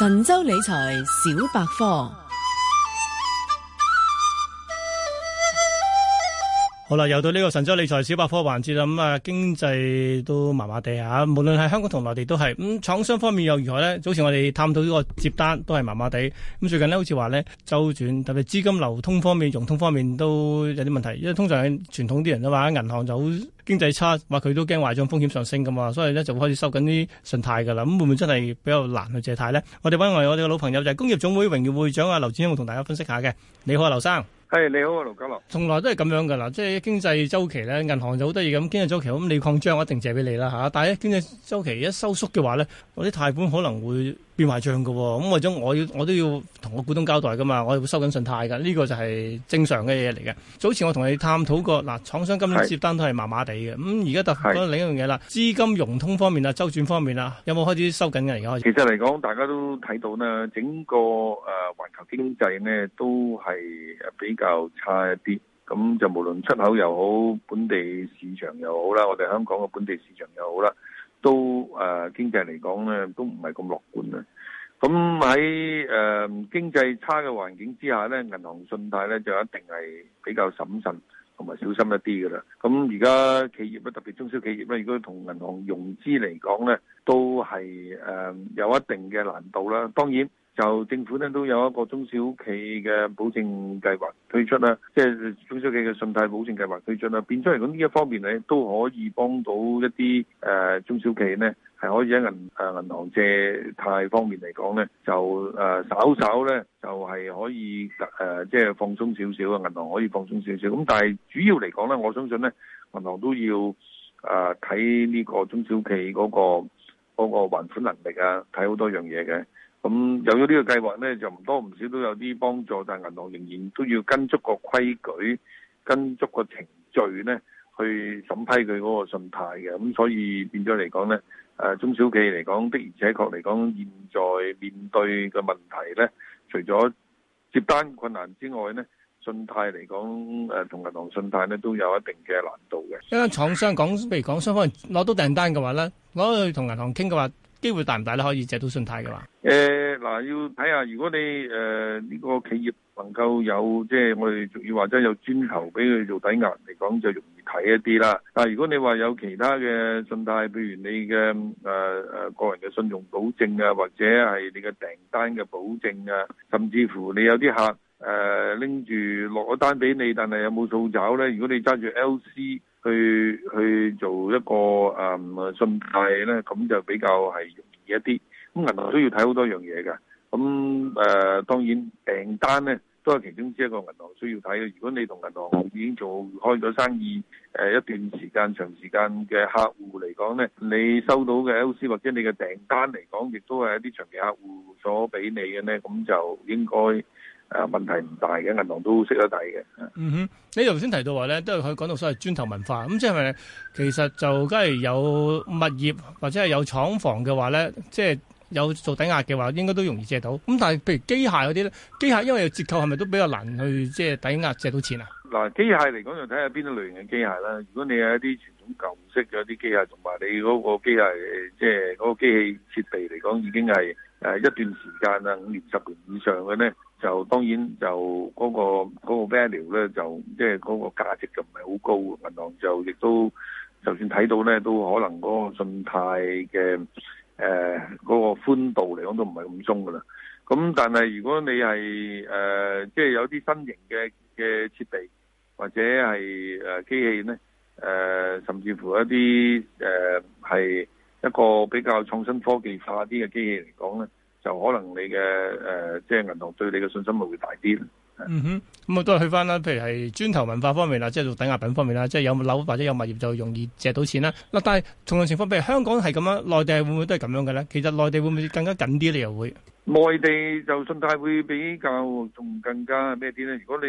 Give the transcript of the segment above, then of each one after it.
神州理財小百科。好啦，又到呢個神州理財小百科環節啦。咁、嗯、啊，經濟都麻麻地吓，無論係香港同內地都係。咁、嗯、廠商方面又如何呢？早前我哋探討呢個接單都係麻麻地。咁、嗯、最近呢，好似話呢，周轉，特別資金流通方面、融通方面都有啲問題。因為通常傳統啲人咧話銀行就好經濟差，話佢都驚壞賬風險上升㗎嘛。所以呢，就會開始收緊啲信貸噶啦。咁、嗯、會唔會真係比較難去借貸呢？我哋搵嚟我哋嘅老朋友就係工業總會榮譽會長啊劉展灝，我同大家分析下嘅。你好啊，劉生。係，你好啊，盧家樂，從來都係咁樣噶啦，即係經濟週期咧，銀行就好得意咁。經濟週期咁你擴張，我一定借俾你啦吓。但係經濟週期一收縮嘅話咧，我啲貸款可能會變壞帳嘅喎，咁為咗我要我都要同個股東交代嘅嘛，我會收緊信貸嘅，呢個就係正常嘅嘢嚟嘅。早前我同你探討過，嗱，廠商今年接單都係麻麻地嘅，咁而家特講另一樣嘢啦，資金融通方面啦，周轉方面啦，有冇開始收緊嘅而家？其實嚟講，大家都睇到啦，整個誒環球經濟咧都係比較差一啲，咁就無論出口又好，本地市場又好啦，我哋香港嘅本地市場又好啦。都誒、呃、經濟嚟講咧，都唔係咁樂觀咧。咁喺誒經濟差嘅環境之下咧，銀行信貸咧就一定係比較審慎同埋小心一啲㗎啦。咁而家企業咧，特別中小企業咧，如果同銀行融資嚟講咧，都係誒、呃、有一定嘅難度啦。當然。就政府咧都有一個中小企嘅保證計劃推出啦，即係中小企嘅信貸保證計劃推出啦，變出嚟，咁呢一方面咧都可以幫到一啲誒中小企咧係可以喺銀誒銀行借貸方面嚟講咧就誒稍稍咧就係可以誒即係放鬆少少啊，銀行可以放鬆少少。咁但係主要嚟講咧，我相信咧銀行都要誒睇呢個中小企嗰個嗰個還款能力啊，睇好多樣嘢嘅。咁、嗯、有咗呢個計劃咧，就唔多唔少都有啲幫助，但銀行仍然都要跟足個規矩、跟足個程序咧去審批佢嗰個信貸嘅。咁、嗯、所以變咗嚟講咧，誒、呃、中小企業嚟講的而且確嚟講，現在面對嘅問題咧，除咗接單困難之外咧，信貸嚟講誒同銀行信貸咧都有一定嘅難度嘅。一間廠商講，譬如講雙方攞到訂單嘅話咧，攞去同銀行傾嘅話。機會大唔大都可以借到信貸噶嘛？誒，嗱，要睇下如果你誒呢、呃這個企業能夠有即係我哋俗語話齋有磚頭俾佢做抵押嚟講，就容易睇一啲啦。但係如果你話有其他嘅信貸，譬如你嘅誒誒個人嘅信用保證啊，或者係你嘅訂單嘅保證啊，甚至乎你有啲客誒拎住落咗單俾你，但係有冇數找咧？如果你揸住 LC。去去做一個誒、嗯、信貸咧，咁就比較係容易一啲。咁銀行都要睇好多樣嘢㗎。咁誒、呃、當然訂單咧，都係其中之一個銀行需要睇嘅。如果你同銀行已經做開咗生意、呃、一段時間、長時間嘅客戶嚟講咧，你收到嘅 LC 或者你嘅訂單嚟講，亦都係一啲長期客戶所俾你嘅咧，咁就應該。誒、啊，問題唔大嘅，銀行都識得睇嘅。嗯哼，你頭先提到話咧，都係可以講到所謂磚頭文化。咁即係咪，其實就梗係有物業或者係有廠房嘅話咧，即係有做抵押嘅話，應該都容易借到。咁但係譬如機械嗰啲咧，機械因為有折扣，係咪都比較難去即係抵押借到錢啊？嗱，機械嚟講就睇下邊啲類型嘅機械啦。如果你係一啲傳統舊式嘅一啲機械，同埋你嗰個機械即係嗰個機器設備嚟講，已經係誒一段時間啊，五年、十年以上嘅咧。就當然就嗰個嗰個 value 咧，就即係嗰個價值就唔係好高。銀行就亦都就算睇到咧，都可能嗰個信貸嘅誒嗰個寬度嚟講都唔係咁鬆㗎喇。咁但係如果你係誒即係有啲新型嘅嘅設備或者係誒機器咧，誒甚至乎一啲誒係一個比較創新科技化啲嘅機器嚟講咧。就可能你嘅誒，即係銀行對你嘅信心咪會大啲？嗯哼，咁啊都係去翻啦。譬如係磚頭文化方面啦，即係做抵押品方面啦，即係有樓或者有物業就容易借到錢啦。嗱，但係同樣情況，譬如香港係咁樣，內地係會唔會都係咁樣嘅咧？其實內地會唔會更加緊啲？你又會？內地就信貸會比較仲更加咩啲咧？如果你誒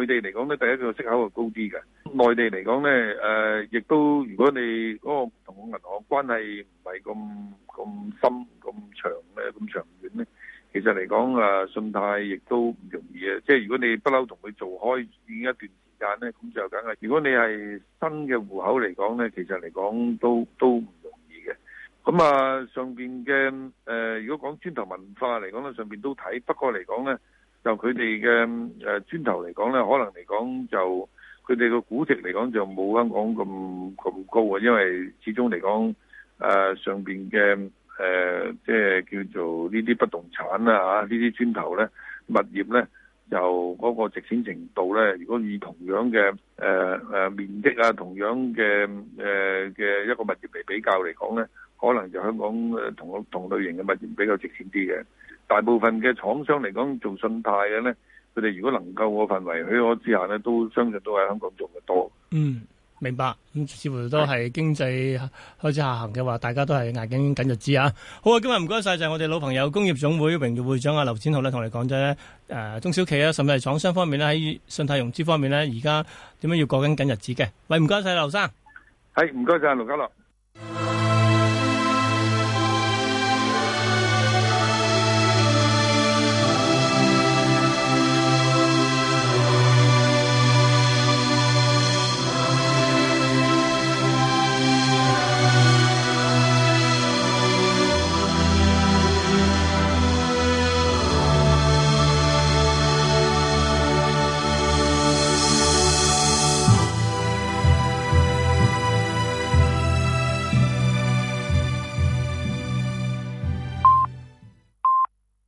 內地嚟講咧，第一個息口係高啲嘅。內地嚟講咧，誒，亦都如果你嗰個同銀行關係唔係咁咁深。嚟講啊，信貸亦都唔容易嘅。即係如果你不嬲同佢做開已經一段時間咧，咁就梗係。如果你係新嘅戶口嚟講咧，其實嚟講都都唔容易嘅。咁啊，上邊嘅誒，如果講磚頭文化嚟講咧，上邊都睇。不過嚟講咧，就佢哋嘅誒磚頭嚟講咧，可能嚟講就佢哋個估值嚟講就冇香港咁咁高啊。因為始終嚟講誒，呃，上邊嘅。誒，即係、呃就是、叫做呢啲不動產啊，啊呢啲磚頭咧，物業咧，由嗰個值錢程度咧，如果以同樣嘅誒、呃呃、面積啊，同樣嘅誒嘅一個物業嚟比較嚟講咧，可能就香港同同類型嘅物業比較值錢啲嘅。大部分嘅廠商嚟講做信貸嘅咧，佢哋如果能夠個氛圍許可之下咧，都相信都係香港做嘅多。嗯。明白，咁似乎都係經濟開始下行嘅話，是大家都係捱緊緊日子啊！好啊，今日唔該晒就係我哋老朋友工業總會榮譽會長啊，劉展灝咧，同我哋講咗咧，誒中小企啊，甚至係廠商方面咧，喺信貸融資方面咧，而家點樣要過緊緊日子嘅？喂，唔該晒劉生，係唔該晒，劉家樂。